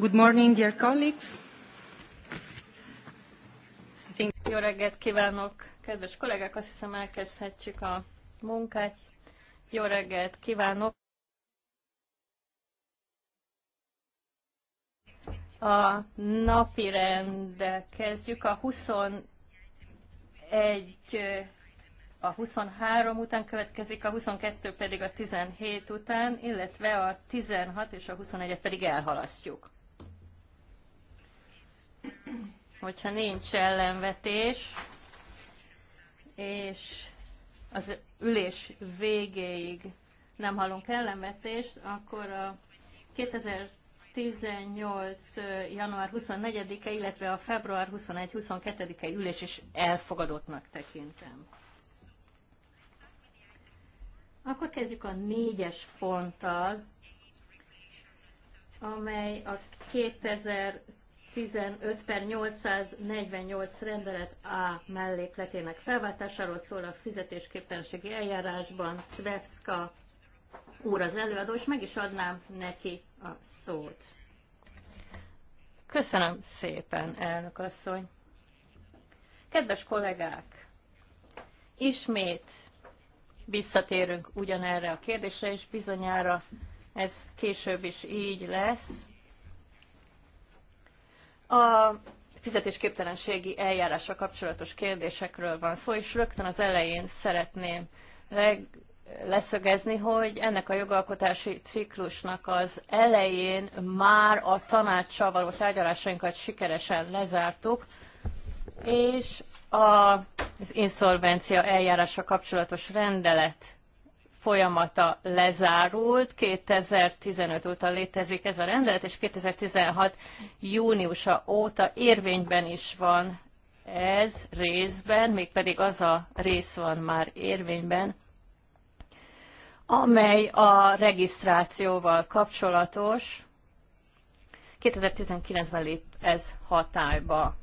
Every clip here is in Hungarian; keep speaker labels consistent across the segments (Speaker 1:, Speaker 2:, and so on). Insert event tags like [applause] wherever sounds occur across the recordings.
Speaker 1: Good morning, dear colleagues.
Speaker 2: Think... Jó reggelt kívánok, kedves kollégák! Azt hiszem elkezdhetjük a munkát. Jó reggelt kívánok! A napi rendel kezdjük. A 21, a 23 után következik, a 22 pedig a 17 után, illetve a 16 és a 21-et pedig elhalasztjuk hogyha nincs ellenvetés, és az ülés végéig nem hallunk ellenvetést, akkor a 2018. Eh, január 24-e, illetve a február 21-22-e ülés is elfogadottnak tekintem. Akkor kezdjük a négyes ponttal, amely a 2000 15 per 848 rendelet A mellékletének felváltásáról szól a fizetésképtelenségi eljárásban. Cvevska úr az előadó, és meg is adnám neki a szót. Köszönöm szépen, elnök asszony. Kedves kollégák, ismét visszatérünk ugyanerre a kérdésre, és bizonyára ez később is így lesz a fizetésképtelenségi eljárásra kapcsolatos kérdésekről van szó, és rögtön az elején szeretném leg, leszögezni, hogy ennek a jogalkotási ciklusnak az elején már a tanácssal való tárgyalásainkat sikeresen lezártuk, és a, az inszolvencia eljárása kapcsolatos rendelet folyamata lezárult, 2015 óta létezik ez a rendelet, és 2016 júniusa óta érvényben is van ez részben, mégpedig az a rész van már érvényben, amely a regisztrációval kapcsolatos. 2019-ben lép ez hatályba.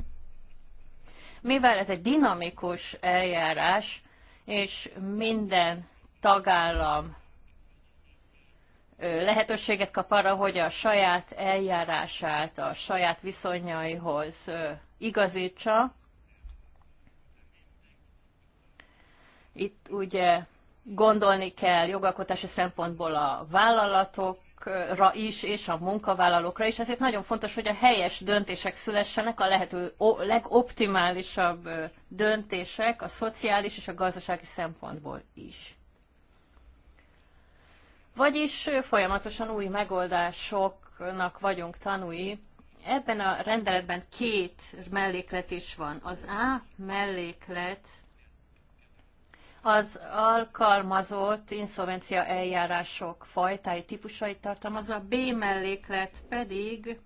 Speaker 2: Mivel ez egy dinamikus eljárás, és minden tagállam lehetőséget kap arra, hogy a saját eljárását, a saját viszonyaihoz igazítsa. Itt ugye gondolni kell jogalkotási szempontból a vállalatok, is, és a munkavállalókra is. Ezért nagyon fontos, hogy a helyes döntések szülessenek, a lehető legoptimálisabb döntések a szociális és a gazdasági szempontból is. Vagyis folyamatosan új megoldásoknak vagyunk tanúi. Ebben a rendeletben két melléklet is van. Az A melléklet az alkalmazott inszolvencia eljárások fajtái, típusait tartalmazza, a B melléklet pedig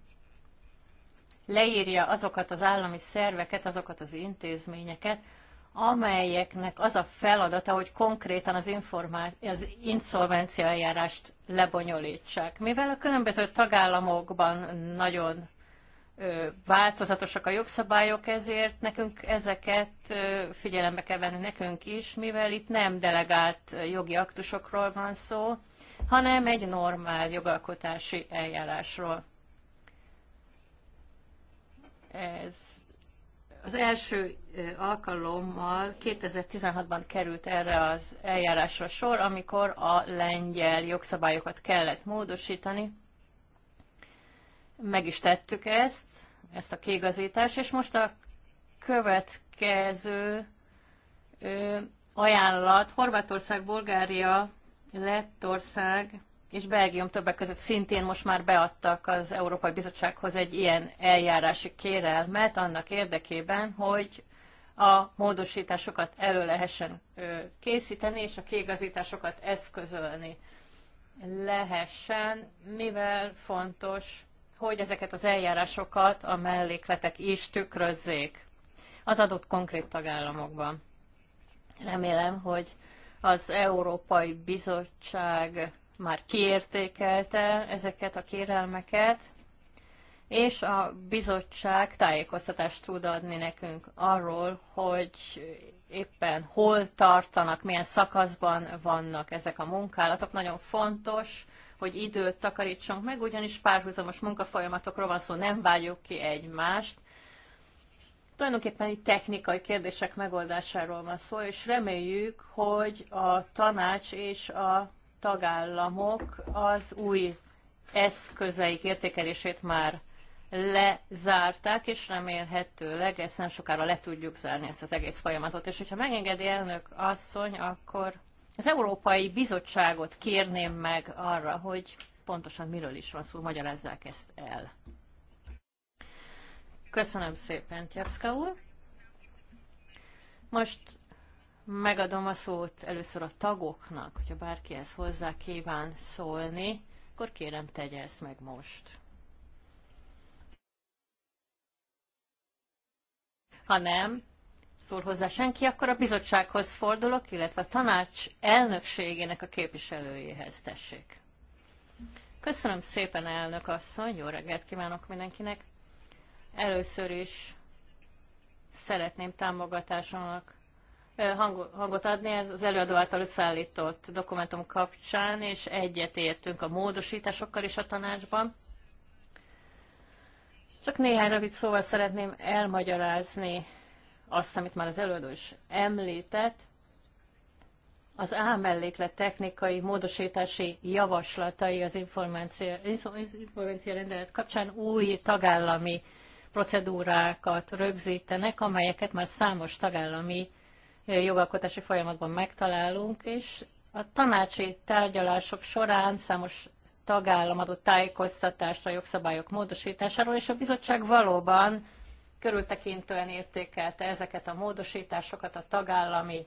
Speaker 2: leírja azokat az állami szerveket, azokat az intézményeket, amelyeknek az a feladata, hogy konkrétan az, informá- az inszolvencia eljárást lebonyolítsák. Mivel a különböző tagállamokban nagyon változatosak a jogszabályok, ezért nekünk ezeket figyelembe kell venni nekünk is, mivel itt nem delegált jogi aktusokról van szó, hanem egy normál jogalkotási eljárásról. Ez az első alkalommal 2016-ban került erre az eljárásra sor, amikor a lengyel jogszabályokat kellett módosítani. Meg is tettük ezt, ezt a kiigazítást, és most a következő ajánlat Horvátország, Bulgária, Lettország, és Belgium többek között szintén most már beadtak az Európai Bizottsághoz egy ilyen eljárási kérelmet annak érdekében, hogy a módosításokat elő lehessen készíteni, és a kiigazításokat eszközölni lehessen, mivel fontos, hogy ezeket az eljárásokat a mellékletek is tükrözzék az adott konkrét tagállamokban. Remélem, hogy az Európai Bizottság már kiértékelte ezeket a kérelmeket, és a bizottság tájékoztatást tud adni nekünk arról, hogy éppen hol tartanak, milyen szakaszban vannak ezek a munkálatok. Nagyon fontos, hogy időt takarítsunk meg, ugyanis párhuzamos munkafolyamatokról van szó, nem várjuk ki egymást. Tulajdonképpen itt technikai kérdések megoldásáról van szó, és reméljük, hogy a tanács és a tagállamok az új eszközeik értékelését már lezárták, és remélhetőleg ezt nem sokára le tudjuk zárni ezt az egész folyamatot. És hogyha megengedi elnök asszony, akkor az Európai Bizottságot kérném meg arra, hogy pontosan miről is van szó, magyarázzák ezt el. Köszönöm szépen, Tjapszka úr. Most Megadom a szót először a tagoknak, hogyha bárki ezt hozzá kíván szólni, akkor kérem tegye ezt meg most. Ha nem, szól hozzá senki, akkor a bizottsághoz fordulok, illetve a tanács elnökségének a képviselőjéhez tessék. Köszönöm szépen, elnök asszony, jó reggelt kívánok mindenkinek. Először is szeretném támogatásomnak hangot adni az előadó által összeállított dokumentum kapcsán, és értünk a módosításokkal is a tanácsban. Csak néhány rövid szóval szeretném elmagyarázni azt, amit már az előadó is említett. Az A melléklet technikai módosítási javaslatai az információ, információ rendelet kapcsán új tagállami procedúrákat rögzítenek, amelyeket már számos tagállami jogalkotási folyamatban megtalálunk, és a tanácsi tárgyalások során számos tagállam adott a jogszabályok módosításáról, és a bizottság valóban körültekintően értékelte ezeket a módosításokat a tagállami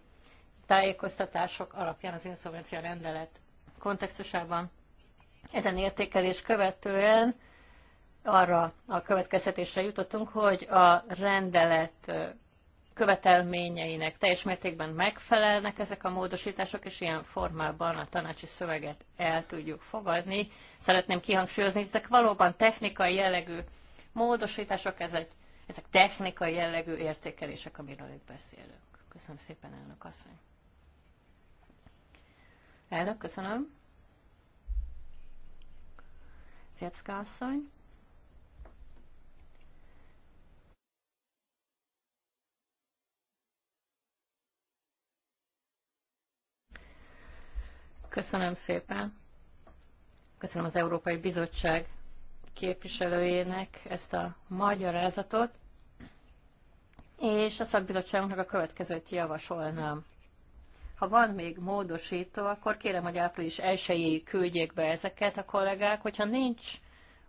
Speaker 2: tájékoztatások alapján az inszolvencia rendelet kontextusában. Ezen értékelés követően arra a következtetésre jutottunk, hogy a rendelet követelményeinek teljes mértékben megfelelnek ezek a módosítások, és ilyen formában a tanácsi szöveget el tudjuk fogadni. Szeretném kihangsúlyozni, hogy ezek valóban technikai jellegű módosítások, ez egy, ezek technikai jellegű értékelések, amiről itt beszélünk. Köszönöm szépen, elnök asszony. Elnök, köszönöm. Ciecka asszony. Köszönöm szépen. Köszönöm az Európai Bizottság képviselőjének ezt a magyarázatot, és a szakbizottságunknak a következőt javasolnám. Ha van még módosító, akkor kérem, hogy április 1 küldjék be ezeket a kollégák. Hogyha nincs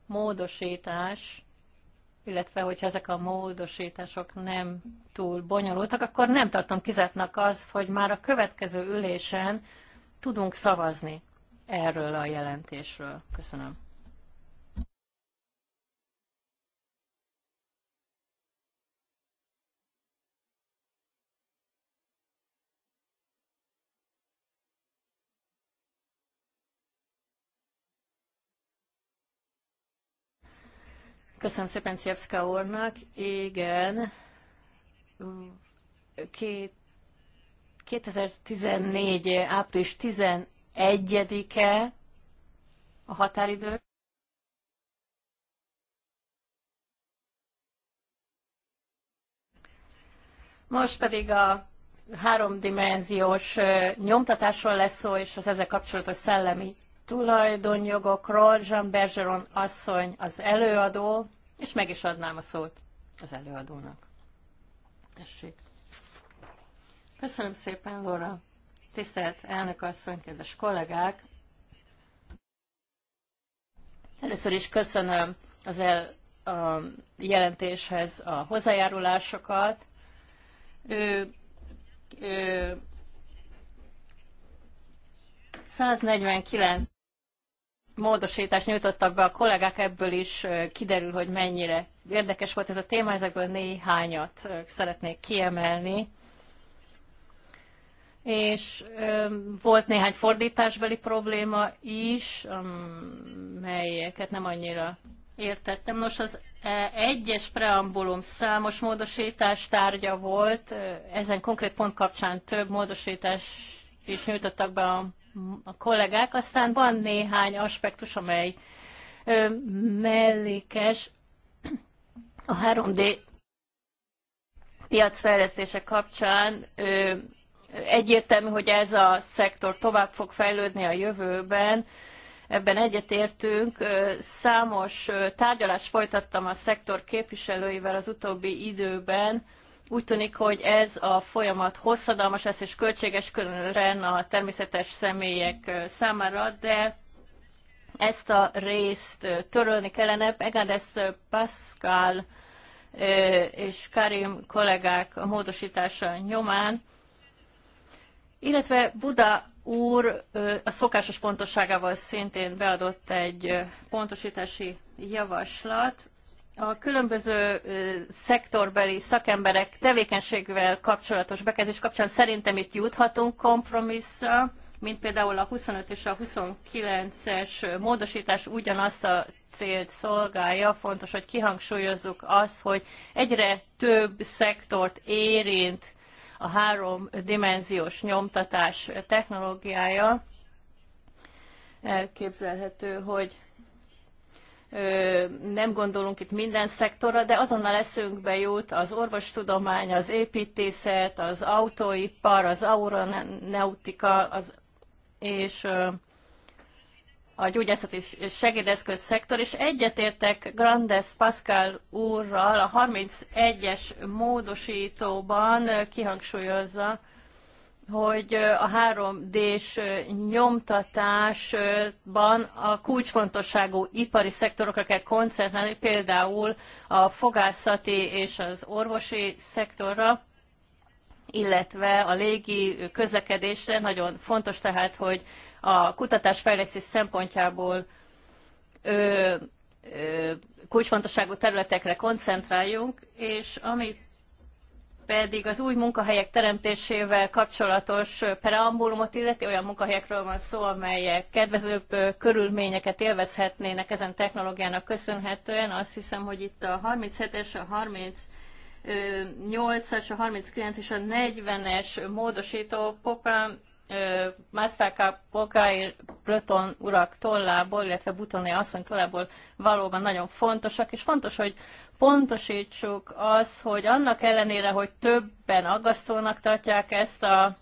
Speaker 2: módosítás, illetve hogyha ezek a módosítások nem túl bonyolultak, akkor nem tartom kizártnak azt, hogy már a következő ülésen tudunk szavazni erről a jelentésről. Köszönöm. Köszönöm szépen Szevszka úrnak. Igen, két 2014. április 11-e a határidő. Most pedig a háromdimenziós nyomtatásról lesz szó, és az ezzel kapcsolatos szellemi tulajdonjogokról. Jean Bergeron asszony az előadó, és meg is adnám a szót az előadónak. Tessék. Köszönöm szépen, Laura. Tisztelt elnök asszony, kedves kollégák! Először is köszönöm az el, a jelentéshez a hozzájárulásokat. Ő, ő 149 módosítást nyújtottak be a kollégák, ebből is kiderül, hogy mennyire érdekes volt ez a téma, ezekből néhányat szeretnék kiemelni és volt néhány fordításbeli probléma is, melyeket nem annyira értettem. Nos, az e, egyes preambulum számos módosítás tárgya volt, ezen konkrét pont kapcsán több módosítás is nyújtottak be a, a kollégák, aztán van néhány aspektus, amely ö, mellékes a 3D piacfejlesztése kapcsán ö, egyértelmű, hogy ez a szektor tovább fog fejlődni a jövőben, ebben egyetértünk. Számos tárgyalást folytattam a szektor képviselőivel az utóbbi időben, úgy tűnik, hogy ez a folyamat hosszadalmas lesz és költséges különösen a természetes személyek számára, de ezt a részt törölni kellene. Megadesz Pascal és Karim kollégák módosítása nyomán illetve Buda úr a szokásos pontosságával szintén beadott egy pontosítási javaslat. A különböző szektorbeli szakemberek tevékenységvel kapcsolatos bekezdés kapcsán szerintem itt juthatunk kompromisszra, mint például a 25 és a 29-es módosítás ugyanazt a célt szolgálja. Fontos, hogy kihangsúlyozzuk azt, hogy egyre több szektort érint a háromdimenziós nyomtatás technológiája elképzelhető, hogy nem gondolunk itt minden szektorra, de azonnal eszünkbe jut az orvostudomány, az építészet, az autóipar, az auronautika, az, és a gyógyászati segédeszköz szektor, és egyetértek Grandes Pascal úrral a 31-es módosítóban kihangsúlyozza, hogy a 3D-s nyomtatásban a kulcsfontosságú ipari szektorokra kell koncentrálni, például a fogászati és az orvosi szektorra, illetve a légi közlekedésre. Nagyon fontos tehát, hogy a kutatásfejlesztés szempontjából ö, ö, kulcsfontosságú területekre koncentráljunk, és ami pedig az új munkahelyek teremtésével kapcsolatos preambulumot illeti, olyan munkahelyekről van szó, amelyek kedvezőbb körülményeket élvezhetnének ezen technológiának köszönhetően. Azt hiszem, hogy itt a 37-es, a 30 8-as, a 39 és a 40-es módosító Popán Masztáka pokai Breton urak tollából, illetve Butoné asszony tollából valóban nagyon fontosak, és fontos, hogy pontosítsuk azt, hogy annak ellenére, hogy többen aggasztónak tartják ezt a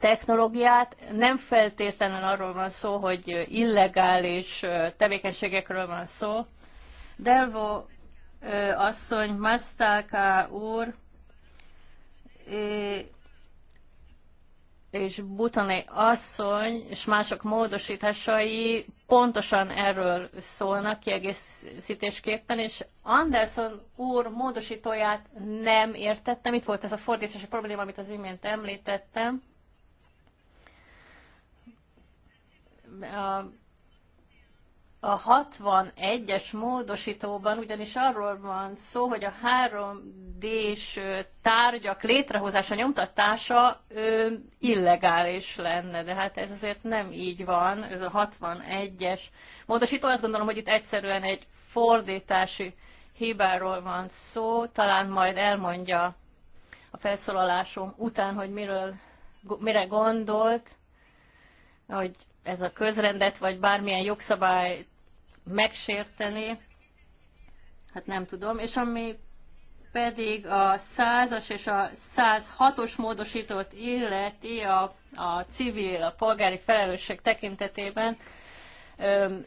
Speaker 2: technológiát, nem feltétlenül arról van szó, hogy illegális tevékenységekről van szó. Delvo asszony, Masztáka úr, és Butané asszony és mások módosításai pontosan erről szólnak kiegészítésképpen, és Anderson úr módosítóját nem értettem. Itt volt ez a fordítási probléma, amit az imént említettem. A a 61-es módosítóban ugyanis arról van szó, hogy a 3D-s tárgyak létrehozása, nyomtatása ö, illegális lenne, de hát ez azért nem így van, ez a 61-es módosító. Azt gondolom, hogy itt egyszerűen egy fordítási hibáról van szó, talán majd elmondja a felszólalásom után, hogy miről, mire gondolt, hogy ez a közrendet, vagy bármilyen jogszabály megsérteni, hát nem tudom, és ami pedig a 100 és a 106-os módosítót illeti a, a civil, a polgári felelősség tekintetében,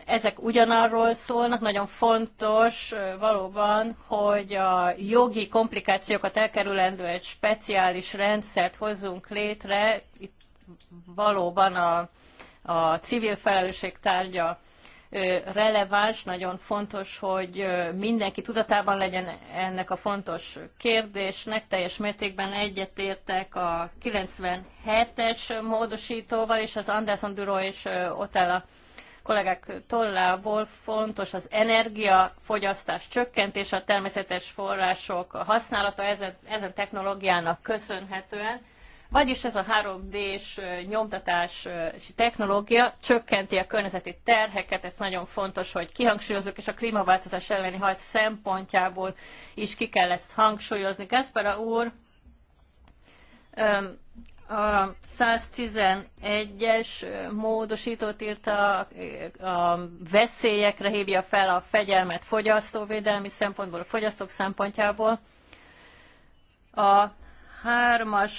Speaker 2: ezek ugyanarról szólnak, nagyon fontos valóban, hogy a jogi komplikációkat elkerülendő egy speciális rendszert hozzunk létre, itt valóban a, a civil felelősség tárgya releváns, nagyon fontos, hogy mindenki tudatában legyen ennek a fontos kérdésnek. Teljes mértékben egyetértek a 97-es módosítóval, és az Anderson Duro és Otella kollégák tollából fontos az energiafogyasztás csökkentése, a természetes források használata ezen, ezen technológiának köszönhetően vagyis ez a 3D-s nyomtatási technológia csökkenti a környezeti terheket, ez nagyon fontos, hogy kihangsúlyozzuk, és a klímaváltozás elleni harc szempontjából is ki kell ezt hangsúlyozni. Gaspara úr, a 111-es módosítót írta, a veszélyekre hívja fel a fegyelmet fogyasztóvédelmi szempontból, a fogyasztók szempontjából. A 3-as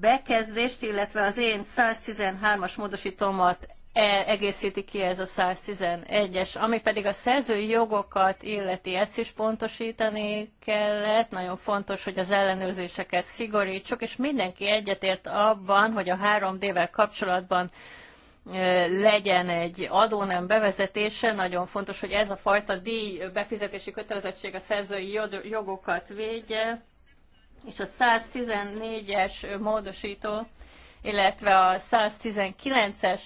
Speaker 2: bekezdést, illetve az én 113-as módosítómat e- egészíti ki ez a 111-es, ami pedig a szerzői jogokat illeti, ezt is pontosítani kellett. Nagyon fontos, hogy az ellenőrzéseket szigorítsuk, és mindenki egyetért abban, hogy a 3D-vel kapcsolatban legyen egy adónem bevezetése. Nagyon fontos, hogy ez a fajta díj befizetési kötelezettség a szerzői jogokat védje és a 114-es módosító, illetve a 119-es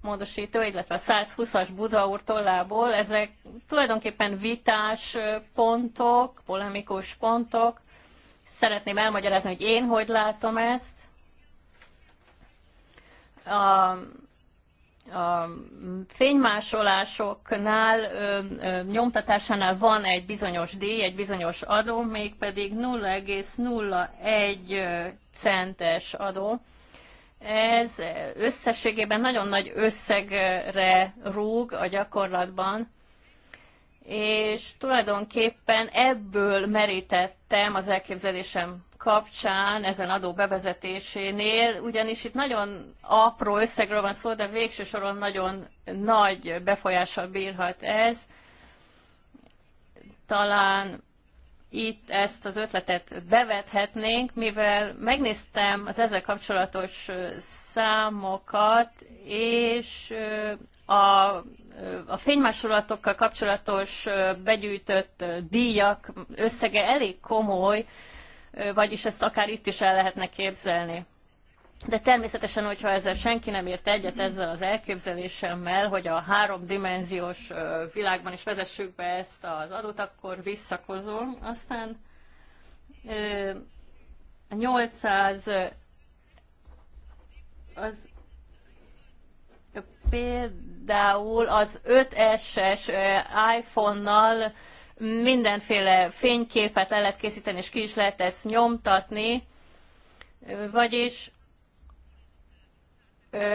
Speaker 2: módosító, illetve a 120-as Buda úr tollából, ezek tulajdonképpen vitás pontok, polemikus pontok. Szeretném elmagyarázni, hogy én hogy látom ezt. A a fénymásolásoknál, ö, ö, nyomtatásánál van egy bizonyos díj, egy bizonyos adó, mégpedig 0,01 centes adó. Ez összességében nagyon nagy összegre rúg a gyakorlatban, és tulajdonképpen ebből merítettem az elképzelésem kapcsán, ezen adó bevezetésénél, ugyanis itt nagyon apró összegről van szó, de végső soron nagyon nagy befolyással bírhat ez. Talán itt ezt az ötletet bevethetnénk, mivel megnéztem az ezzel kapcsolatos számokat, és a, a fénymásolatokkal kapcsolatos begyűjtött díjak összege elég komoly, vagyis ezt akár itt is el lehetne képzelni. De természetesen, hogyha ezzel senki nem ért egyet ezzel az elképzelésemmel, hogy a háromdimenziós világban is vezessük be ezt az adót, akkor visszakozom. Aztán 800 az például az 5S-es iPhone-nal mindenféle fényképet le lehet készíteni, és ki is lehet ezt nyomtatni, vagyis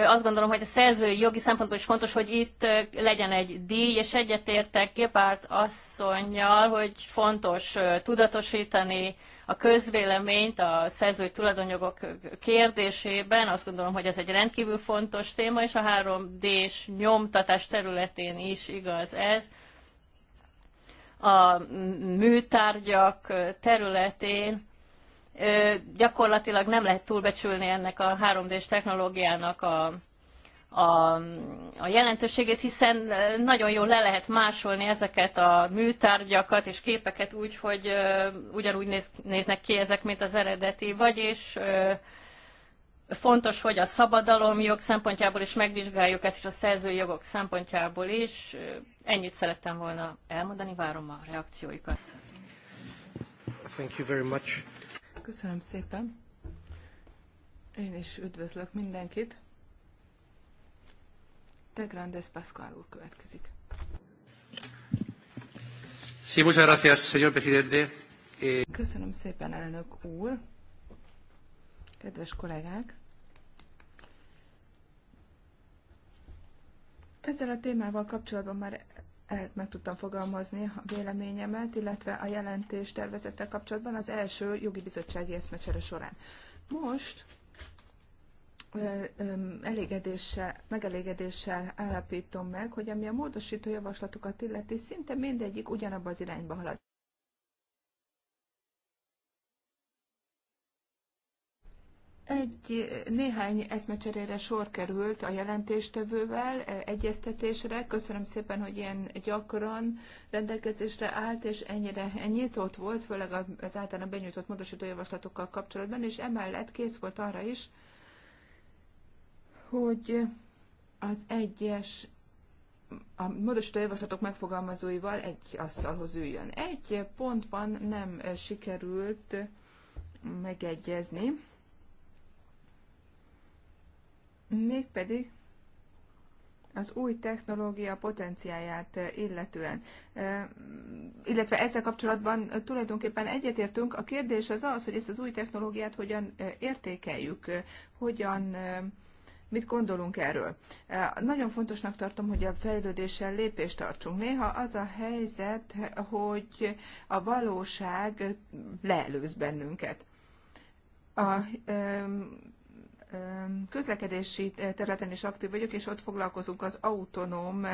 Speaker 2: azt gondolom, hogy a szerzői jogi szempontból is fontos, hogy itt legyen egy díj, és egyetértek Gépárt asszonynal, hogy fontos tudatosítani a közvéleményt a szerzői tulajdonjogok kérdésében. Azt gondolom, hogy ez egy rendkívül fontos téma, és a 3D-s nyomtatás területén is igaz ez a műtárgyak területén gyakorlatilag nem lehet túlbecsülni ennek a 3D-s technológiának a, a, a jelentőségét, hiszen nagyon jól le lehet másolni ezeket a műtárgyakat és képeket úgy, hogy ugyanúgy néz, néznek ki ezek, mint az eredeti, vagyis Fontos, hogy a szabadalom jog szempontjából is megvizsgáljuk ezt, és a szerzői jogok szempontjából is. Ennyit szerettem volna elmondani, várom a reakcióikat. Thank you very much.
Speaker 1: Köszönöm szépen. Én is üdvözlök mindenkit. De Grandes Pascual úr következik.
Speaker 2: Sí, muchas gracias, señor presidente. Eh,
Speaker 1: Köszönöm szépen, elnök úr. Kedves kollégák! Ezzel a témával kapcsolatban már meg tudtam fogalmazni a véleményemet, illetve a jelentés tervezettel kapcsolatban az első jogi bizottsági eszmecsere során. Most elégedéssel, megelégedéssel állapítom meg, hogy ami a módosító javaslatokat illeti, szinte mindegyik ugyanabba az irányba halad. Egy néhány eszmecserére sor került a jelentéstevővel e, egyeztetésre. Köszönöm szépen, hogy ilyen gyakran rendelkezésre állt, és ennyire nyitott volt, főleg az általán benyújtott módosítójavaslatokkal javaslatokkal kapcsolatban, és emellett kész volt arra is, hogy az egyes a módosító javaslatok megfogalmazóival egy asztalhoz üljön. Egy pontban nem sikerült megegyezni mégpedig az új technológia potenciáját eh, illetően. Eh, illetve ezzel kapcsolatban eh, tulajdonképpen egyetértünk. A kérdés az az, hogy ezt az új technológiát hogyan értékeljük, hogyan Mit gondolunk erről? Nagyon fontosnak tartom, hogy a fejlődéssel lépést tartsunk. Néha az a helyzet, hogy a valóság leelőz bennünket. A közlekedési területen is aktív vagyok, és ott foglalkozunk az autonóm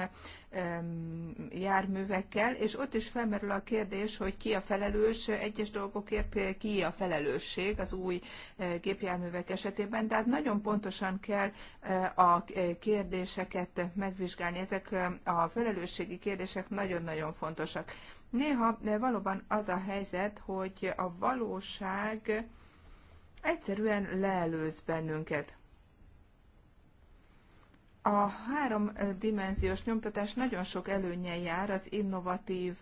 Speaker 1: járművekkel, és ott is felmerül a kérdés, hogy ki a felelős egyes dolgokért, ki a felelősség az új gépjárművek esetében, tehát nagyon pontosan kell a kérdéseket megvizsgálni. Ezek a felelősségi kérdések nagyon-nagyon fontosak. Néha valóban az a helyzet, hogy a valóság egyszerűen leelőz bennünket. A háromdimenziós nyomtatás nagyon sok előnye jár az innovatív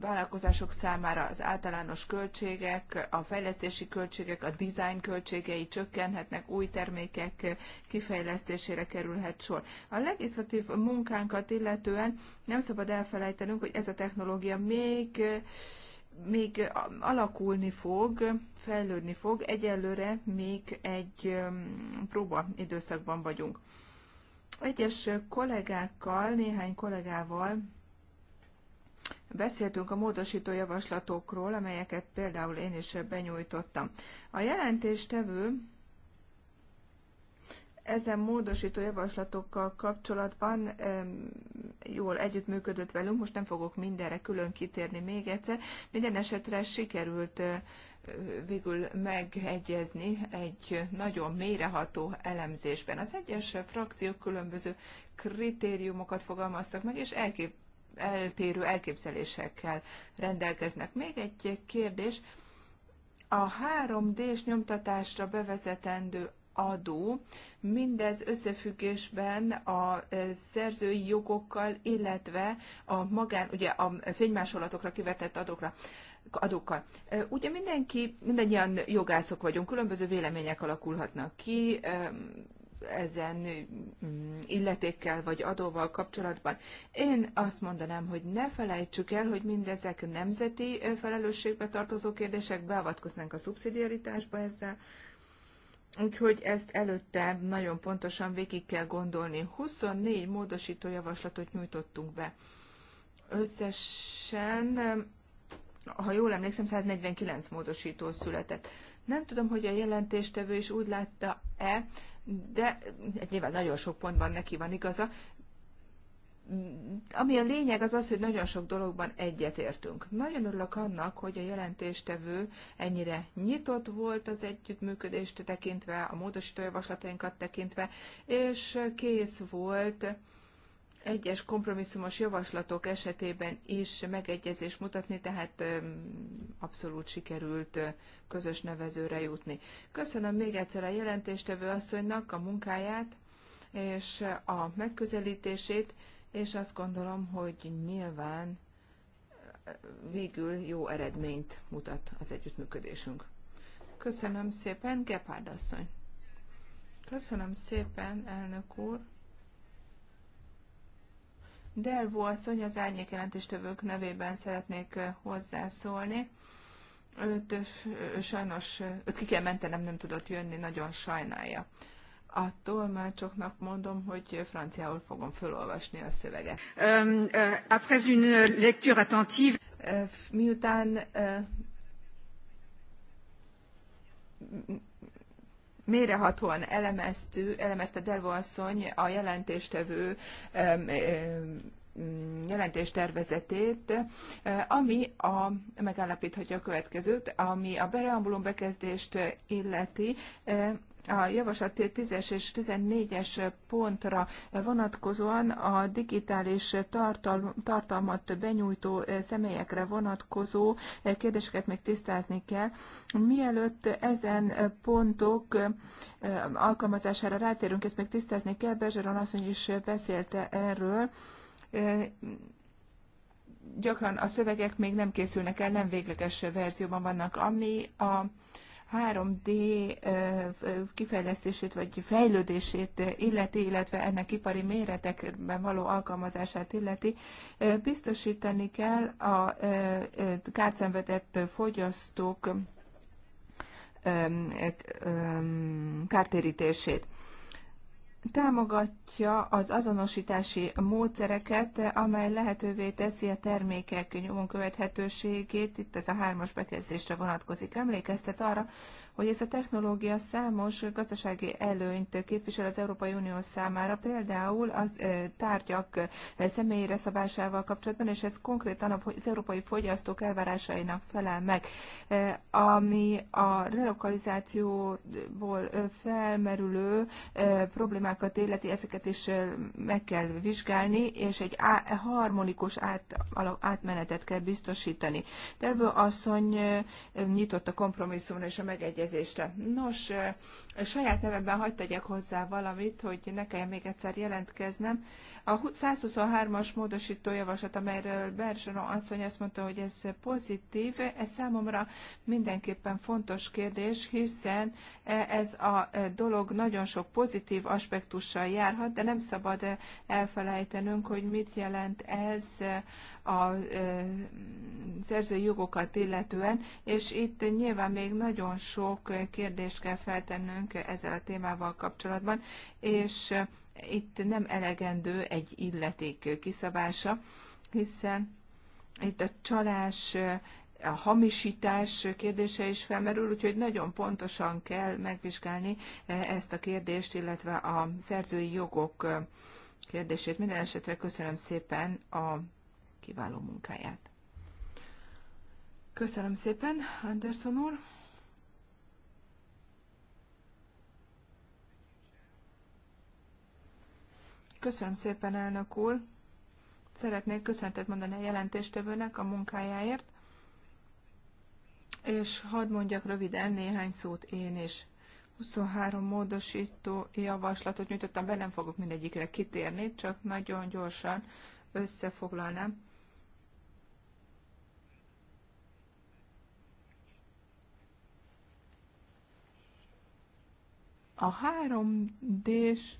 Speaker 1: vállalkozások számára az általános költségek, a fejlesztési költségek, a dizájn költségei csökkenhetnek, új termékek kifejlesztésére kerülhet sor. A legislatív munkánkat illetően nem szabad elfelejtenünk, hogy ez a technológia még még alakulni fog, fejlődni fog, egyelőre még egy um, próba időszakban vagyunk. Egyes kollégákkal, néhány kollégával Beszéltünk a módosító javaslatokról, amelyeket például én is benyújtottam. A jelentéstevő ezen módosító javaslatokkal kapcsolatban jól együttműködött velünk, most nem fogok mindenre külön kitérni még egyszer. Minden esetre sikerült végül megegyezni egy nagyon méreható elemzésben. Az egyes frakciók különböző kritériumokat fogalmaztak meg, és elkép, eltérő elképzelésekkel rendelkeznek. Még egy kérdés, a 3D-s nyomtatásra bevezetendő adó. Mindez összefüggésben a e, szerzői jogokkal, illetve a magán, ugye a fénymásolatokra kivetett adókra adókkal. E, ugye mindenki, mindannyian jogászok vagyunk, különböző vélemények alakulhatnak ki, e, ezen mm, illetékkel vagy adóval kapcsolatban. Én azt mondanám, hogy ne felejtsük el, hogy mindezek nemzeti felelősségbe tartozó kérdések, beavatkoznánk a szubszidiaritásba ezzel, Úgyhogy ezt előtte nagyon pontosan végig kell gondolni. 24 módosító javaslatot nyújtottunk be. Összesen, ha jól emlékszem, 149 módosító született. Nem tudom, hogy a jelentéstevő is úgy látta-e, de nyilván nagyon sok pontban neki van igaza, ami a lényeg az az, hogy nagyon sok dologban egyetértünk. Nagyon örülök annak, hogy a jelentéstevő ennyire nyitott volt az együttműködést tekintve, a módosító javaslatainkat tekintve, és kész volt egyes kompromisszumos javaslatok esetében is megegyezés mutatni, tehát abszolút sikerült közös nevezőre jutni. Köszönöm még egyszer a jelentéstevő asszonynak a munkáját és a megközelítését, és azt gondolom, hogy nyilván eh, végül jó eredményt mutat az együttműködésünk. Köszönöm szépen, Gepárd asszony. Köszönöm szépen, elnök úr. Delvo asszony az árnyék jelentéstövők nevében szeretnék eh, hozzászólni. Őt sajnos, őt eh, ki kell mentenem, nem tudott jönni, nagyon sajnálja. A tolmácsoknak mondom, hogy franciául fogom felolvasni a szöveget. Um, uh, après une lecture attentive. Uh, miután uh, mérehatóan elemeztő, elemezte Delvo asszony a jelentéstevő um, um, jelentéstervezetét, ami a, megállapíthatja a következőt, ami a bereambulum bekezdést illeti, a javaslat 10-es és 14-es pontra vonatkozóan a digitális tartalmat benyújtó személyekre vonatkozó kérdéseket még tisztázni kell. Mielőtt ezen pontok eh, alkalmazására rátérünk, ezt még tisztázni kell, Bezseron asszony is beszélte erről eh, gyakran a szövegek még nem készülnek el, nem végleges verzióban vannak, ami a 3D kifejlesztését vagy fejlődését illeti, illetve ennek ipari méretekben való alkalmazását illeti, biztosítani kell a kárszenvedett fogyasztók kártérítését támogatja az azonosítási módszereket, amely lehetővé teszi a termékek nyomon követhetőségét, itt ez a hármas bekezdésre vonatkozik. Emlékeztet arra, hogy ez a technológia számos gazdasági előnyt képvisel az Európai Unió számára, például a tárgyak személyre szabásával kapcsolatban, és ez konkrétan az európai fogyasztók elvárásainak felel meg. Ami a relokalizációból felmerülő problémákat illeti, ezeket is meg kell vizsgálni, és egy harmonikus átmenetet kell biztosítani. Tervő asszony nyitott a kompromisszumra és a megegyezésre rendelkezésre. Nos, saját nevemben hagyd tegyek hozzá valamit, hogy ne kelljen még egyszer jelentkeznem. A 123-as módosító javaslat, amelyről Berzsono asszony azt mondta, hogy ez pozitív, ez számomra mindenképpen fontos kérdés, hiszen e, ez a e, dolog nagyon sok pozitív aspektussal járhat, de nem szabad e, elfelejtenünk, hogy mit jelent ez a szerzői jogokat illetően, és itt nyilván még nagyon sok kérdést kell feltennünk ezzel a témával kapcsolatban, és itt nem elegendő egy illeték kiszabása, hiszen itt a csalás, a hamisítás kérdése is felmerül, úgyhogy nagyon pontosan kell megvizsgálni ezt a kérdést, illetve a szerzői jogok kérdését. Minden esetre köszönöm szépen a kiváló munkáját. Köszönöm szépen, Anderson úr! Köszönöm szépen, elnök úr! Szeretnék köszöntet mondani a jelentéstevőnek a munkájáért, és hadd mondjak röviden néhány szót én is. 23 módosító javaslatot nyújtottam be, nem fogok mindegyikre kitérni, csak nagyon gyorsan összefoglalnám A 3D-s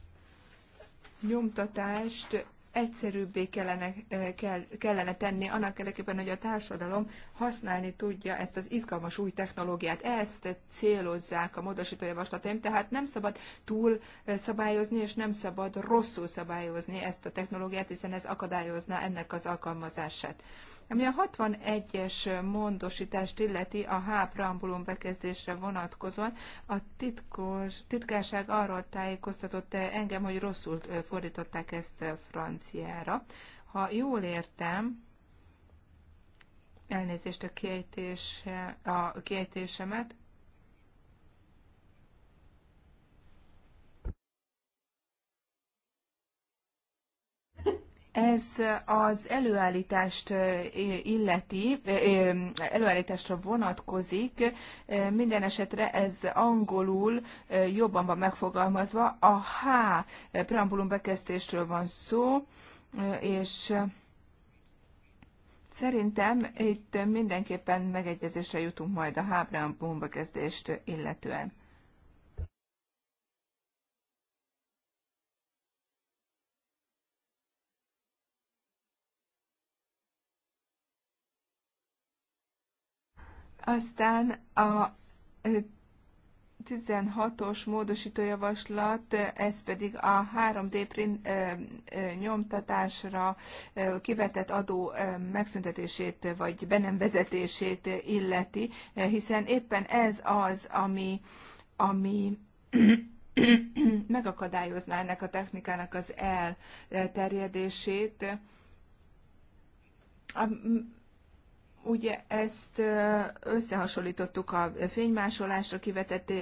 Speaker 1: nyomtatást egyszerűbbé kellene, kell, kellene tenni annak érdekében, hogy a társadalom használni tudja ezt az izgalmas új technológiát. Ezt célozzák a módosító javaslataim, tehát nem szabad túl szabályozni, és nem szabad rosszul szabályozni ezt a technológiát, hiszen ez akadályozna ennek az alkalmazását. Ami a 61-es mondosítást illeti a H preambulum bekezdésre vonatkozóan, a titkos, titkárság arról tájékoztatott engem, hogy rosszul fordították ezt franciára. Ha jól értem, elnézést a, kiejtés, a kiejtésemet, Ez az előállítást illeti, előállításra vonatkozik, minden esetre ez angolul jobban van megfogalmazva, a H preambulum bekezdésről van szó, és Szerintem itt mindenképpen megegyezésre jutunk majd a preambulum bekezdést illetően. Aztán a 16-os módosítójavaslat, ez pedig a 3D print nyomtatásra kivetett adó megszüntetését vagy be nem vezetését illeti, hiszen éppen ez az, ami, ami [clears throat] megakadályozná ennek a technikának az elterjedését. A Ugye ezt összehasonlítottuk a fénymásolásra kivetett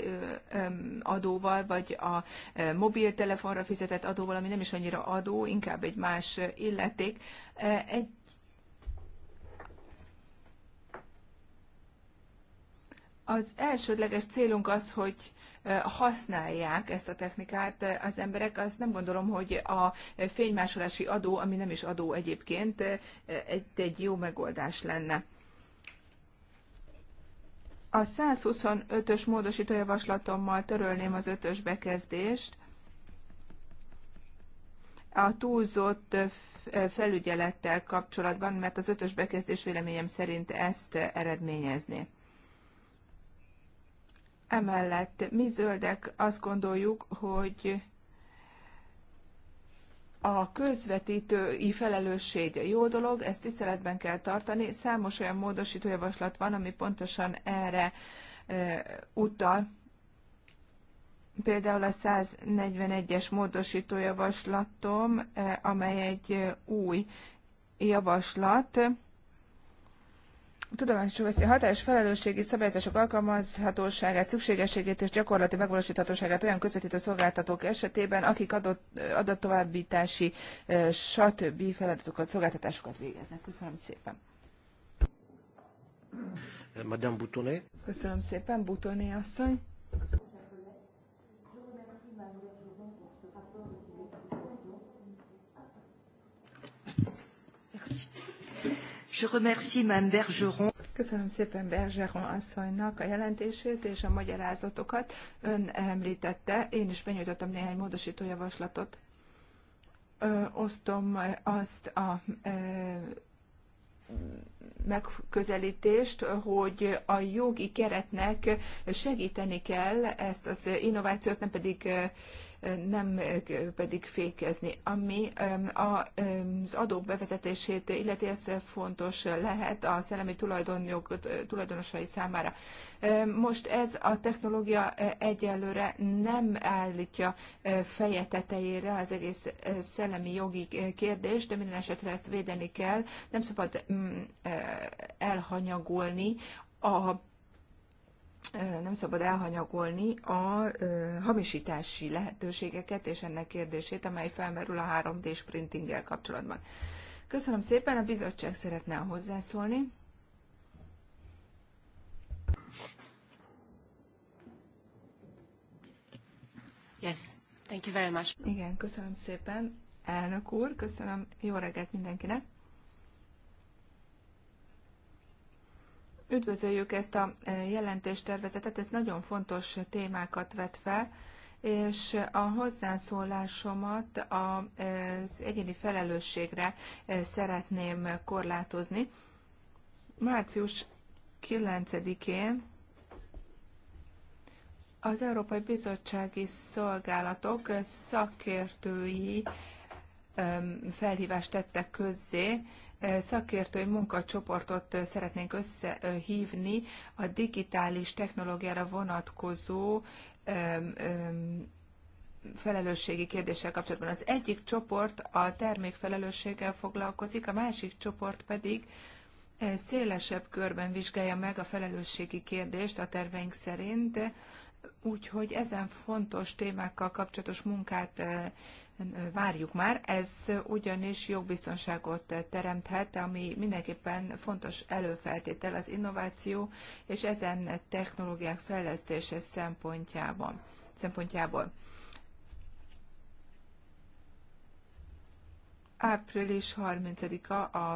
Speaker 1: adóval, vagy a mobiltelefonra fizetett adóval, ami nem is annyira adó, inkább egy más illeték. Egy Az elsődleges célunk az, hogy használják ezt a technikát az emberek, azt nem gondolom, hogy a fénymásolási adó, ami nem is adó egyébként, egy, egy jó megoldás lenne. A 125-ös módosítójavaslatommal törölném az ötös bekezdést, a túlzott felügyelettel kapcsolatban, mert az ötös bekezdés véleményem szerint ezt eredményezné. Emellett mi zöldek azt gondoljuk, hogy a közvetítői felelősség jó dolog, ezt tiszteletben kell tartani. Számos olyan módosítójavaslat van, ami pontosan erre e, utal. Például a 141-es módosítójavaslatom, e, amely egy e, új javaslat, tudomásul veszi a hatályos felelősségi szabályozások alkalmazhatóságát, szükségességét és gyakorlati megvalósíthatóságát olyan közvetítő szolgáltatók esetében, akik adott, továbbítási, stb. feladatokat, szolgáltatásokat végeznek. Köszönöm szépen. Madame Butoné. Köszönöm szépen, Butoné asszony. Je remercie Mme Bergeron. Köszönöm szépen Bergeron asszonynak a jelentését és a magyarázatokat. Ön említette, én is benyújtottam néhány módosító javaslatot. Ö, osztom azt a ö, megközelítést, hogy a jogi keretnek segíteni kell ezt az innovációt, nem pedig nem pedig fékezni. Ami az adók bevezetését illetve ez fontos lehet a szellemi tulajdonjog tulajdonosai számára. Most ez a technológia eh, egyelőre nem állítja eh, feje tetejére az egész eh, szellemi jogi kérdést, de minden esetre ezt védeni kell. Nem szabad mm, elhanyagolni a nem szabad elhanyagolni a hamisítási lehetőségeket és ennek kérdését, amely felmerül a 3D-s printinggel kapcsolatban. Köszönöm szépen, a bizottság szeretne hozzászólni. Yes, thank you very much. Igen, köszönöm szépen, elnök úr, köszönöm, jó reggelt mindenkinek. Üdvözöljük ezt a e, jelentéstervezetet, ez nagyon fontos témákat vet fel, és a hozzászólásomat az egyéni felelősségre e, szeretném korlátozni. Március 9-én az Európai Bizottsági Szolgálatok szakértői e, felhívást tettek közzé, szakértői munkacsoportot szeretnénk összehívni a digitális technológiára vonatkozó felelősségi kérdéssel kapcsolatban. Az egyik csoport a termékfelelősséggel foglalkozik, a másik csoport pedig szélesebb körben vizsgálja meg a felelősségi kérdést a terveink szerint, úgyhogy ezen fontos témákkal kapcsolatos munkát várjuk már. Ez ugyanis jogbiztonságot teremthet, ami mindenképpen fontos előfeltétel az innováció és ezen technológiák fejlesztése szempontjában, szempontjából. Április 30-a a,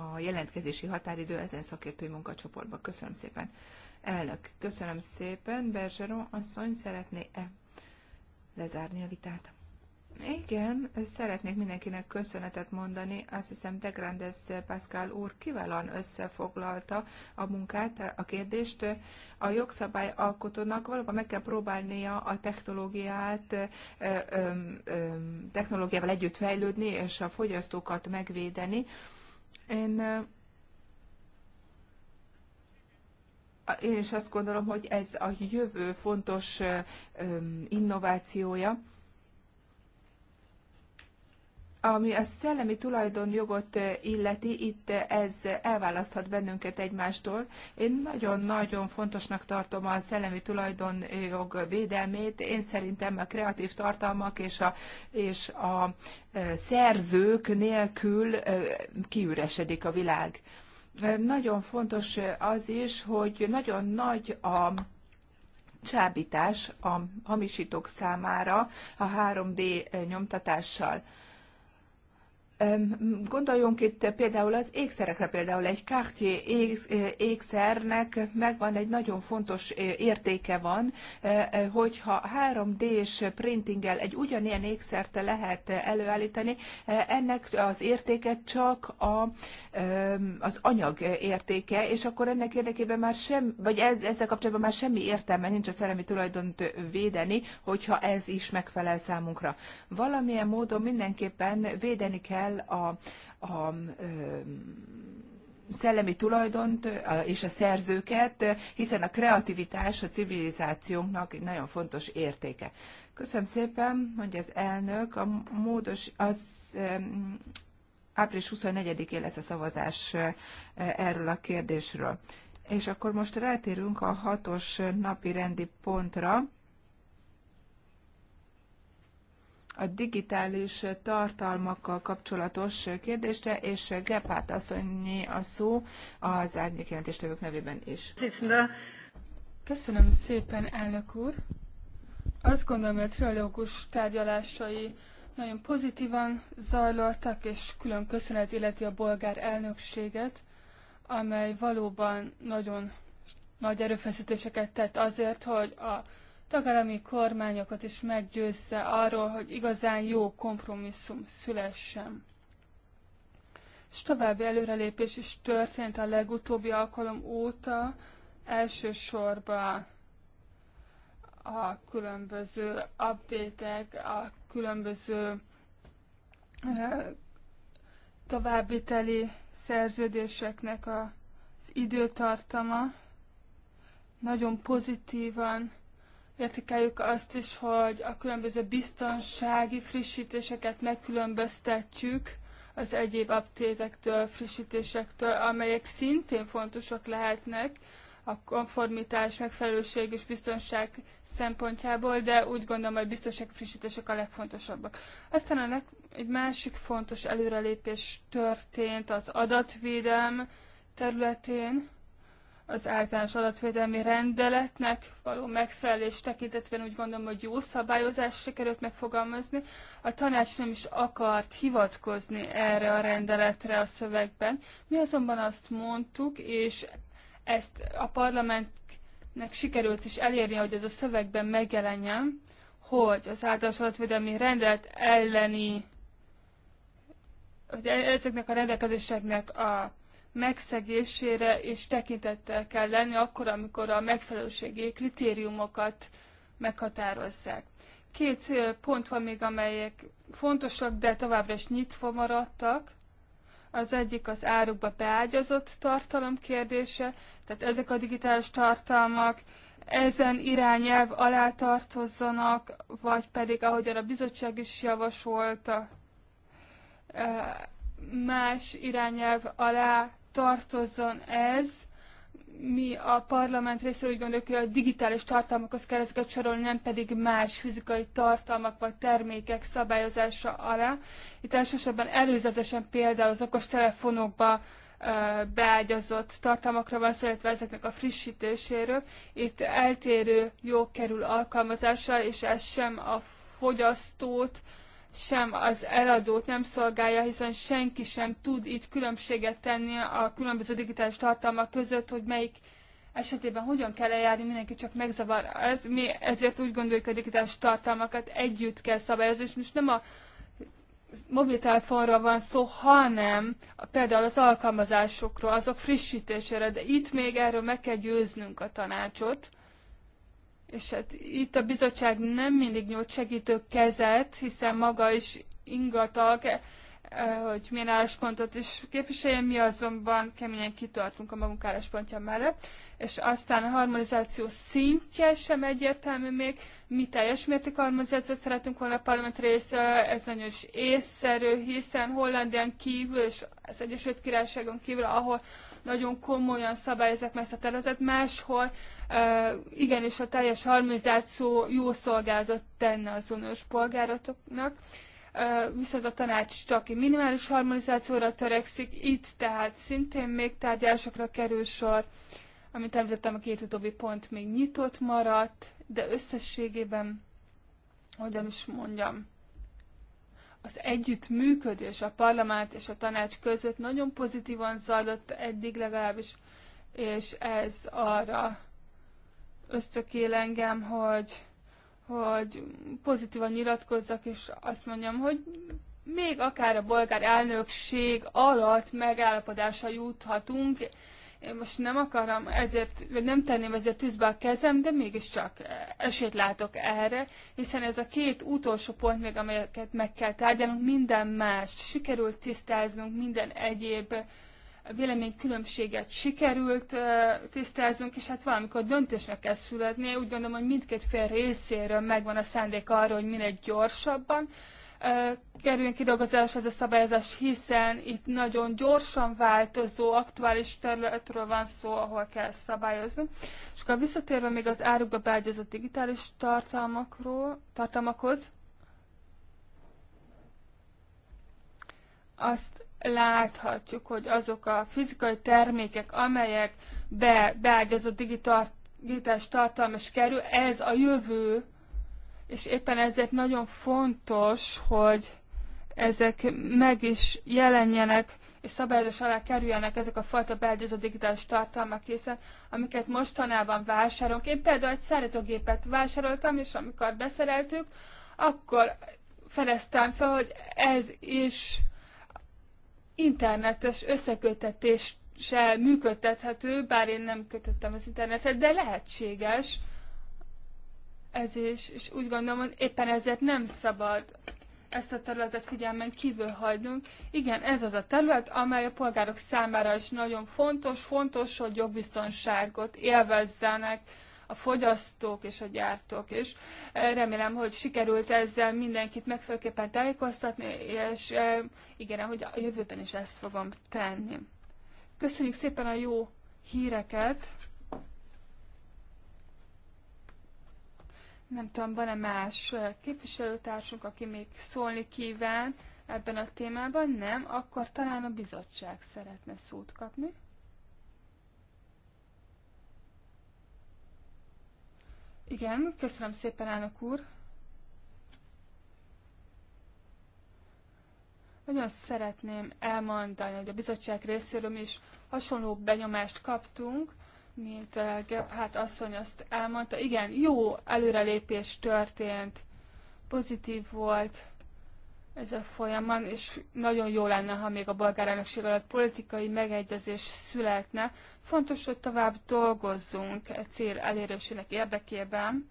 Speaker 1: a jelentkezési határidő ezen szakértői munkacsoportban. Köszönöm szépen. Elnök, köszönöm szépen. Bergeron asszony szeretné-e lezárni a vitát. Igen, szeretnék mindenkinek köszönetet mondani. Azt hiszem, de Grandes Pascal úr kiválóan összefoglalta a munkát, a kérdést. A jogszabály alkotónak valóban meg kell próbálnia a technológiát, technológiával együtt fejlődni, és a fogyasztókat megvédeni. Én én is azt gondolom, hogy ez a jövő fontos innovációja, ami a szellemi tulajdonjogot illeti, itt ez elválaszthat bennünket egymástól. Én nagyon-nagyon fontosnak tartom a szellemi tulajdonjog védelmét. Én szerintem a kreatív tartalmak és a, és a szerzők nélkül kiüresedik a világ. Nagyon fontos az is, hogy nagyon nagy a csábítás a hamisítók számára a 3D nyomtatással. Gondoljunk itt például az ékszerekre, például egy Cartier ékszernek megvan egy nagyon fontos értéke van, hogyha 3D-s printinggel egy ugyanilyen ékszert lehet előállítani, ennek az értéke csak a, az anyag értéke, és akkor ennek érdekében már sem, vagy ez, ezzel kapcsolatban már semmi értelme nincs a szellemi tulajdont védeni, hogyha ez is megfelel számunkra. Valamilyen módon mindenképpen védeni kell el a, a szellemi tulajdont és a szerzőket, hiszen a kreativitás a civilizációnknak egy nagyon fontos értéke. Köszönöm szépen, mondja az elnök, a módos, az április 24-én lesz a szavazás erről a kérdésről. És akkor most rátérünk a hatos napi rendi pontra. a digitális tartalmakkal kapcsolatos kérdésre, és Gephardt asszonyi a szó az árnyék jelentéstevők nevében
Speaker 3: is. Köszönöm szépen, elnök úr! Azt gondolom, hogy a trilógus tárgyalásai nagyon pozitívan zajlottak, és külön köszönet illeti a bolgár elnökséget, amely valóban nagyon nagy erőfeszítéseket tett azért, hogy a tagállami kormányokat is meggyőzze arról, hogy igazán jó kompromisszum szülessen. És további előrelépés is történt a legutóbbi alkalom óta, elsősorban a különböző updatek, a különböző eh, továbbiteli szerződéseknek az időtartama nagyon pozitívan értékeljük azt is, hogy a különböző biztonsági frissítéseket megkülönböztetjük az egyéb update frissítésektől, amelyek szintén fontosak lehetnek a konformitás, megfelelőség és biztonság szempontjából, de úgy gondolom, hogy biztonsági frissítések a legfontosabbak. Aztán a leg, egy másik fontos előrelépés történt az adatvédelem területén, az általános adatvédelmi rendeletnek való megfelelés tekintetben úgy gondolom, hogy jó szabályozást sikerült megfogalmazni. A tanács nem is akart hivatkozni erre a rendeletre a szövegben. Mi azonban azt mondtuk, és ezt a parlamentnek sikerült is elérni, hogy ez a szövegben megjelenjen, hogy az általános adatvédelmi rendelet elleni hogy e- ezeknek a rendelkezéseknek a megszegésére is tekintettel kell lenni, akkor, amikor a megfelelőségi kritériumokat meghatározzák. Két pont van még, amelyek fontosak, de továbbra is nyitva maradtak. Az egyik az árukba beágyazott tartalom kérdése, tehát ezek a digitális tartalmak ezen irányelv alá tartozzanak, vagy pedig, ahogyan a bizottság is javasolta, más irányelv alá tartozzon ez. Mi a parlament részéről úgy gondoljuk, hogy a digitális tartalmakhoz kell ezeket sorolni, nem pedig más fizikai tartalmak vagy termékek szabályozása alá. Itt elsősorban előzetesen például az okos telefonokba beágyazott tartalmakra van szó, illetve ezeknek a frissítéséről. Itt eltérő jó kerül alkalmazásra, és ez sem a fogyasztót, sem az eladót nem szolgálja, hiszen senki sem tud itt különbséget tenni a különböző digitális tartalmak között, hogy melyik esetében hogyan kell eljárni, mindenki csak megzavar. Ez, mi ezért úgy gondoljuk, hogy a digitális tartalmakat együtt kell szabályozni, és most nem a mobiltelefonról van szó, hanem például az alkalmazásokról, azok frissítésére, de itt még erről meg kell győznünk a tanácsot, és hát itt a bizottság nem mindig nyújt segítő kezet, hiszen maga is ingatag, eh, hogy milyen álláspontot is képviseljen, mi azonban keményen kitartunk a magunk álláspontja mellett, és aztán a harmonizáció szintje sem egyértelmű még, mi teljes mértékű harmonizációt szeretünk volna a parlament része, ez nagyon is észszerű, hiszen Hollandián kívül és az Egyesült Királyságon kívül, ahol nagyon komolyan szabályozzák meg ezt a területet, máshol igenis a teljes harmonizáció jó szolgálatot tenne az uniós polgáratoknak viszont a tanács csak egy minimális harmonizációra törekszik, itt tehát szintén még tárgyalásokra kerül sor, amit említettem, a két utóbbi pont még nyitott maradt, de összességében, hogyan is mondjam, az együttműködés a parlament és a tanács között nagyon pozitívan zajlott eddig legalábbis, és ez arra ösztökél engem, hogy, hogy pozitívan nyilatkozzak, és azt mondjam, hogy még akár a bolgár elnökség alatt megállapodásra juthatunk. Én most nem akarom, ezért nem tenném ezért tűzbe a kezem, de mégiscsak esélyt látok erre, hiszen ez a két utolsó pont még, amelyeket meg kell tárgyalnunk, minden más sikerült tisztáznunk, minden egyéb véleménykülönbséget sikerült tisztáznunk, és hát valamikor döntésnek kell születni. Úgy gondolom, hogy mindkét fél részéről megvan a szándék arra, hogy minél gyorsabban kerüljön kidolgozáshoz a szabályozás, hiszen itt nagyon gyorsan változó, aktuális területről van szó, ahol kell szabályozni. És akkor visszatérve még az árukba beágyazott digitális tartalmakról, tartalmakhoz, azt láthatjuk, hogy azok a fizikai termékek, amelyek be, beágyazott digitális tartalmas kerül, ez a jövő és éppen ezért nagyon fontos, hogy ezek meg is jelenjenek, és szabályozás alá kerüljenek ezek a fajta beágyazó digitális tartalmak, hiszen amiket mostanában vásárolunk. Én például egy szeretőgépet vásároltam, és amikor beszereltük, akkor fedeztem fel, hogy ez is internetes összekötetéssel működtethető, bár én nem kötöttem az internetet, de lehetséges, ez is, és úgy gondolom, hogy éppen ezért nem szabad ezt a területet figyelmen kívül hagynunk. Igen, ez az a terület, amely a polgárok számára is nagyon fontos, fontos, hogy jogbiztonságot élvezzenek a fogyasztók és a gyártók is. Remélem, hogy sikerült ezzel mindenkit megfőképpen tájékoztatni, és igen, hogy a jövőben is ezt fogom tenni. Köszönjük szépen a jó híreket! Nem tudom, van-e más képviselőtársunk, aki még szólni kíván ebben a témában? Nem, akkor talán a bizottság szeretne szót kapni. Igen, köszönöm szépen, elnök úr. Nagyon szeretném elmondani, hogy a bizottság részéről is hasonló benyomást kaptunk, mint uh, Gebhardt asszony azt elmondta, igen, jó előrelépés történt, pozitív volt ez a folyamat, és nagyon jó lenne, ha még a bolgár elnökség alatt politikai megegyezés születne. Fontos, hogy tovább dolgozzunk e cél elérésének érdekében,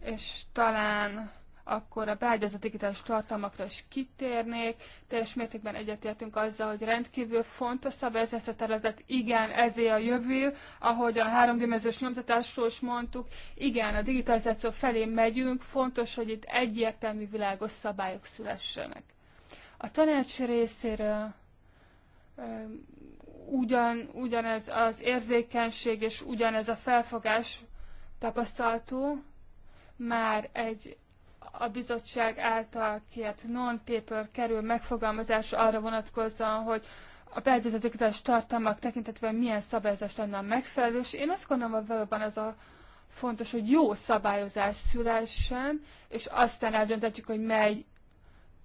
Speaker 3: és talán akkor a beágyazott digitális tartalmakra is kitérnék. Teljes mértékben egyetértünk azzal, hogy rendkívül fontos a ezt a területet. Igen, ezé a jövő, ahogy a háromdimenziós nyomtatásról is mondtuk. Igen, a digitalizáció felé megyünk, fontos, hogy itt egyértelmű világos szabályok szülessenek. A tanács részéről ugyan, ugyanez az érzékenység és ugyanez a felfogás tapasztaltó, már egy a bizottság által kért non-paper kerül megfogalmazásra arra vonatkozóan, hogy a beállítottatikítás tartalmak tekintetben milyen szabályozás lenne a megfelelő, és én azt gondolom, hogy valóban az a fontos, hogy jó szabályozás szülessen, és aztán eldöntetjük, hogy mely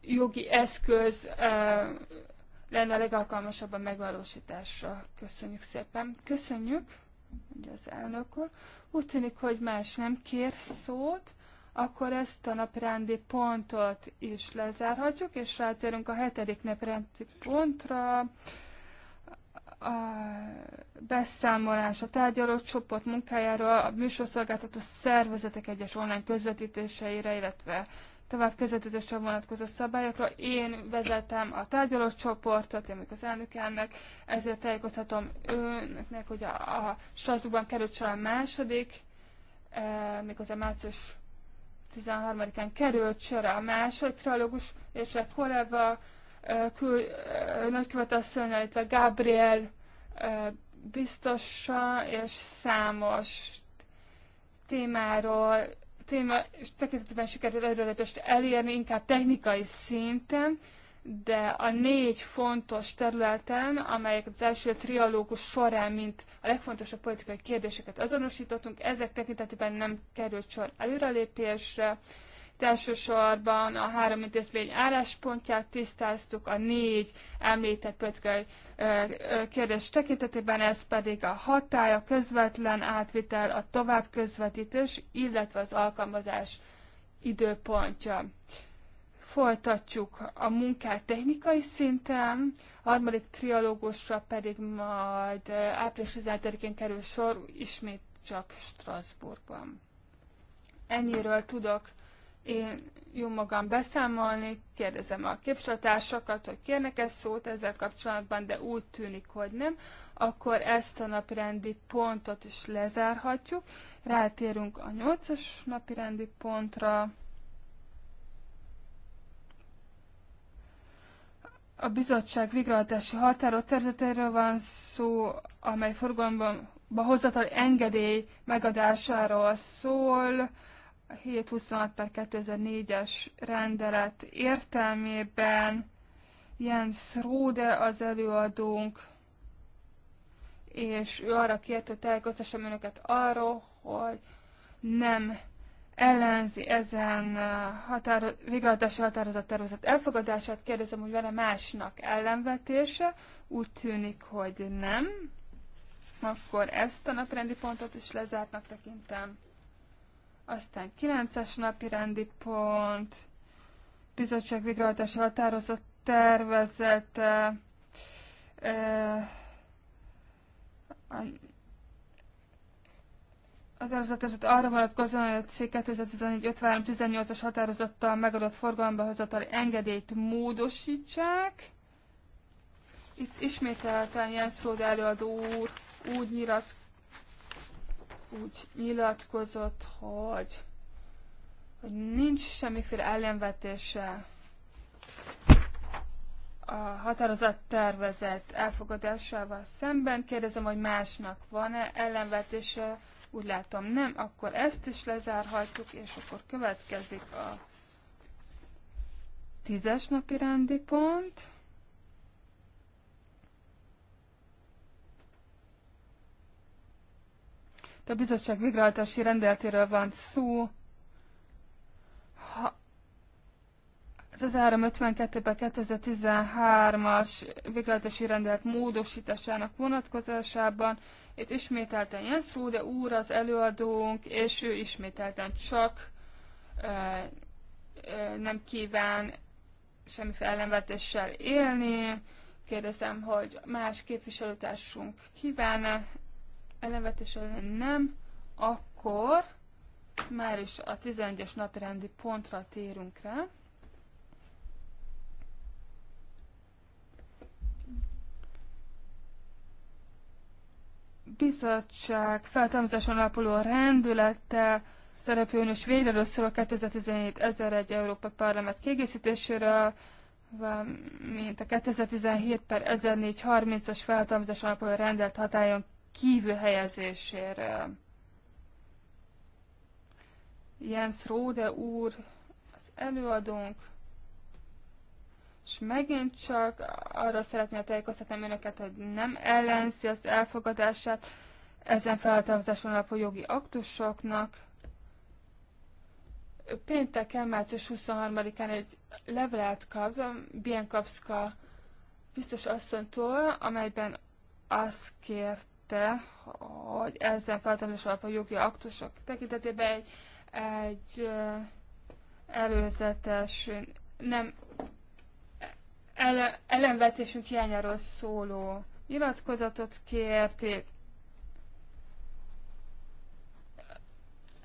Speaker 3: jogi eszköz e, lenne a legalkalmasabb a megvalósításra. Köszönjük szépen. Köszönjük, mondja az elnök úr. Úgy tűnik, hogy más nem kér szót akkor ezt a naprendi pontot is lezárhatjuk, és rátérünk a hetedik naprendi pontra. A beszámolás a tárgyaló csoport munkájáról, a műsorszolgáltató szervezetek egyes online közvetítéseire, illetve tovább közvetítésre vonatkozó szabályokra. Én vezetem a tárgyaló csoportot, én az elnök ennek, ezért tájékoztatom önöknek, hogy a, a Strasbourgban került sor a második, e, méghozzá március 13-án került sor a második trilógus, és a kollega kül, nagykövetasszony, illetve Gabriel biztosa és számos témáról, téma, és tekintetben sikerült előrelépést elérni, inkább technikai szinten, de a négy fontos területen, amelyek az első trialógus során, mint a legfontosabb politikai kérdéseket azonosítottunk, ezek tekintetében nem került sor előrelépésre. Elsősorban a három intézmény álláspontját tisztáztuk, a négy említett politikai kérdés tekintetében, ez pedig a hatály, a közvetlen átvitel, a tovább közvetítés, illetve az alkalmazás időpontja. Folytatjuk a munkát technikai szinten, a harmadik trialógusra pedig majd április 17-én kerül sor, ismét csak Strasbourgban. Ennyiről tudok én jó magam beszámolni, kérdezem a képviselőtársakat, hogy kérnek ezt szót ezzel kapcsolatban, de úgy tűnik, hogy nem, akkor ezt a napirendi pontot is lezárhatjuk. Rátérünk a nyolcas napirendi pontra. a bizottság végrehajtási határok területéről van szó, amely forgalomban hozatal engedély megadásáról szól, 726 per 2004-es rendelet értelmében Jens Rode az előadónk, és ő arra kérte hogy tájékoztassam önöket arról, hogy nem ellenzi ezen uh, határo- végrehajtási határozat tervezet elfogadását. Kérdezem, hogy vele másnak ellenvetése. Úgy tűnik, hogy nem. Akkor ezt a naprendi pontot is lezártnak tekintem. Aztán 9-es napi rendi pont, bizottság végrehajtási határozott tervezete, uh, határozatot arra vonatkozóan, hogy a cég 2014-53-18-as határozattal megadott forgalomba hozatali engedélyt módosítsák. Itt ismételten Jens Róda előadó úr úgy, nyilat, úgy nyilatkozott, hogy, hogy nincs semmiféle ellenvetése a határozat tervezett elfogadásával szemben. Kérdezem, hogy másnak van-e ellenvetése úgy látom nem, akkor ezt is lezárhatjuk, és akkor következik a tízes napi rendi pont. De a bizottság végrehajtási rendeletéről van szó. Ha ez az ben 2013-as végletes rendelet módosításának vonatkozásában itt ismételten Jens Rude úr az előadónk, és ő ismételten csak e, e, nem kíván semmi ellenvetéssel élni. Kérdezem, hogy más képviselőtársunk kíván-e ellenvetéssel nem, akkor már is a 11-es rendi pontra térünk rá. bizottság feltámasztáson alapuló rendülettel szereplőn és végre a 2017 1001 Európa Parlament kiegészítéséről, mint a 2017 per 1430-as feltalmazás alapuló rendelt hatályon kívül helyezésére. Jens Rode úr, az előadónk, és megint csak arra szeretném tájékoztatni önöket, hogy nem ellenzi az elfogadását ezen felhatalmazáson alapú jogi aktusoknak. Pénteken, március 23-án egy levelet kaptam Bienkapszka biztos asszonytól, amelyben azt kérte, hogy ezen feltámadás alapú jogi aktusok tekintetében egy, egy előzetes, nem ele, ellenvetésünk hiányáról szóló nyilatkozatot kérték,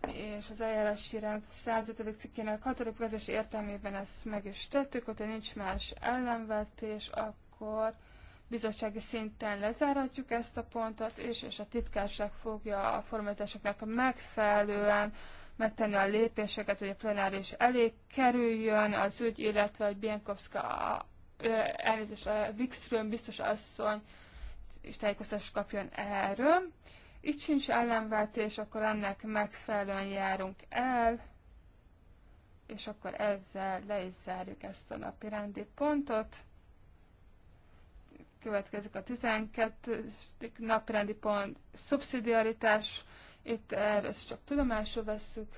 Speaker 3: és az eljárási rend 105. cikkének 6. közös értelmében ezt meg is tettük, hogyha nincs más ellenvetés, akkor bizottsági szinten lezáratjuk ezt a pontot, és, és a titkárság fogja a formalitásoknak megfelelően megtenni a lépéseket, hogy a plenáris elé kerüljön az ügy, illetve hogy Bienkowska elnézést a Wikström biztos asszony és tájékoztatást kapjon erről. Itt sincs ellenváltás, akkor ennek megfelelően járunk el, és akkor ezzel le is zárjuk ezt a napi rendi pontot. Következik a 12. napirendi pont, szubszidiaritás, itt ezt csak tudomásul veszük,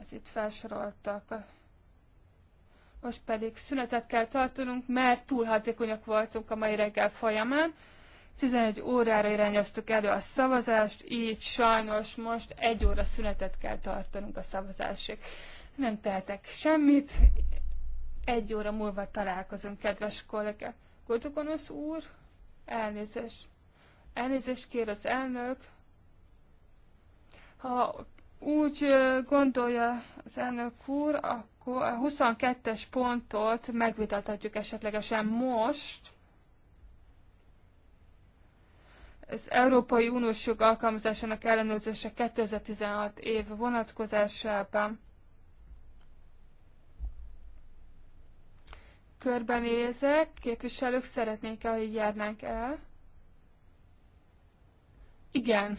Speaker 3: az itt felsoroltak. Most pedig szünetet kell tartanunk, mert túl hatékonyak voltunk a mai reggel folyamán. 11 órára irányoztuk elő a szavazást, így sajnos most egy óra szünetet kell tartanunk a szavazásig. Nem tehetek semmit, egy óra múlva találkozunk, kedves kollega. Godogonosz úr, elnézést. Elnézést kér az elnök. Ha úgy gondolja az elnök úr, akkor a 22-es pontot megvitathatjuk esetlegesen most. Az Európai Uniós jog alkalmazásának ellenőrzése 2016 év vonatkozásában. Körbenézek, képviselők szeretnék, ahogy járnánk el. Igen.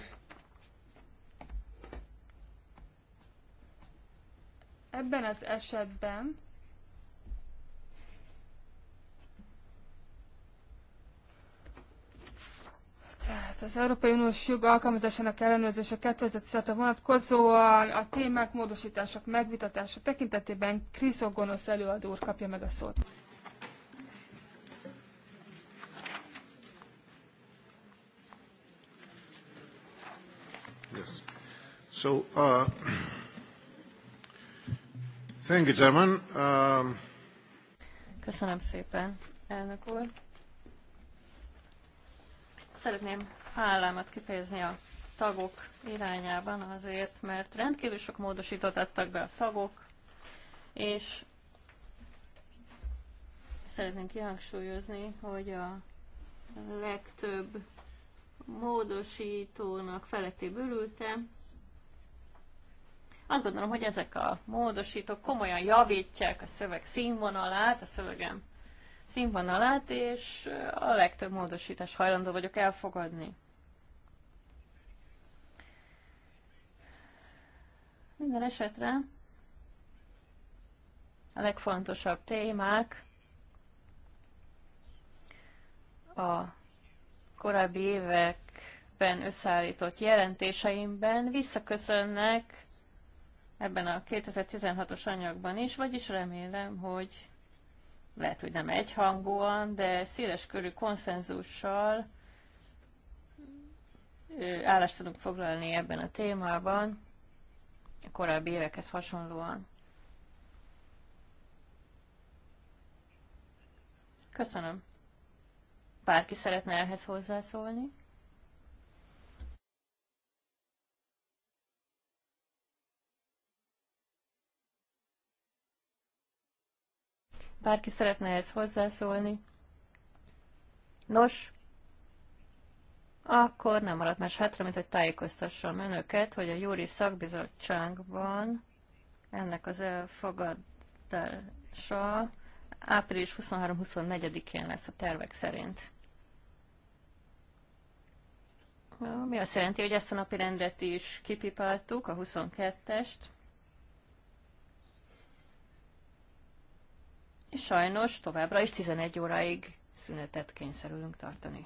Speaker 3: Ebben az esetben Tehát az Európai Uniós jog alkalmazásának ellenőrzése 2016-ra vonatkozóan a témák módosítások megvitatása tekintetében Gonosz előadó úr kapja meg a szót.
Speaker 1: Yes. So, uh, Thank you, Chairman. Um...
Speaker 2: Köszönöm szépen, elnök úr. Szeretném hálámat kifejezni a tagok irányában azért, mert rendkívül sok módosítót adtak be a tagok, és szeretném kihangsúlyozni, hogy a legtöbb módosítónak feletéből ültem, azt gondolom, hogy ezek a módosítók komolyan javítják a szöveg színvonalát, a szövegem színvonalát, és a legtöbb módosítás hajlandó vagyok elfogadni. Minden esetre a legfontosabb témák a korábbi években összeállított jelentéseimben visszaköszönnek ebben a 2016-os anyagban is, vagyis remélem, hogy lehet, hogy nem egyhangúan, de széles körű konszenzussal állást tudunk foglalni ebben a témában, a korábbi évekhez hasonlóan. Köszönöm. Bárki szeretne ehhez hozzászólni? Bárki szeretne ehhez hozzászólni? Nos, akkor nem maradt más hátra, mint hogy tájékoztassam önöket, hogy a Júri Szakbizottságban ennek az elfogadása április 23-24-én lesz a tervek szerint. Mi azt jelenti, hogy ezt a napi rendet is kipipáltuk, a 22-est. és sajnos továbbra is 11 óráig szünetet kényszerülünk tartani.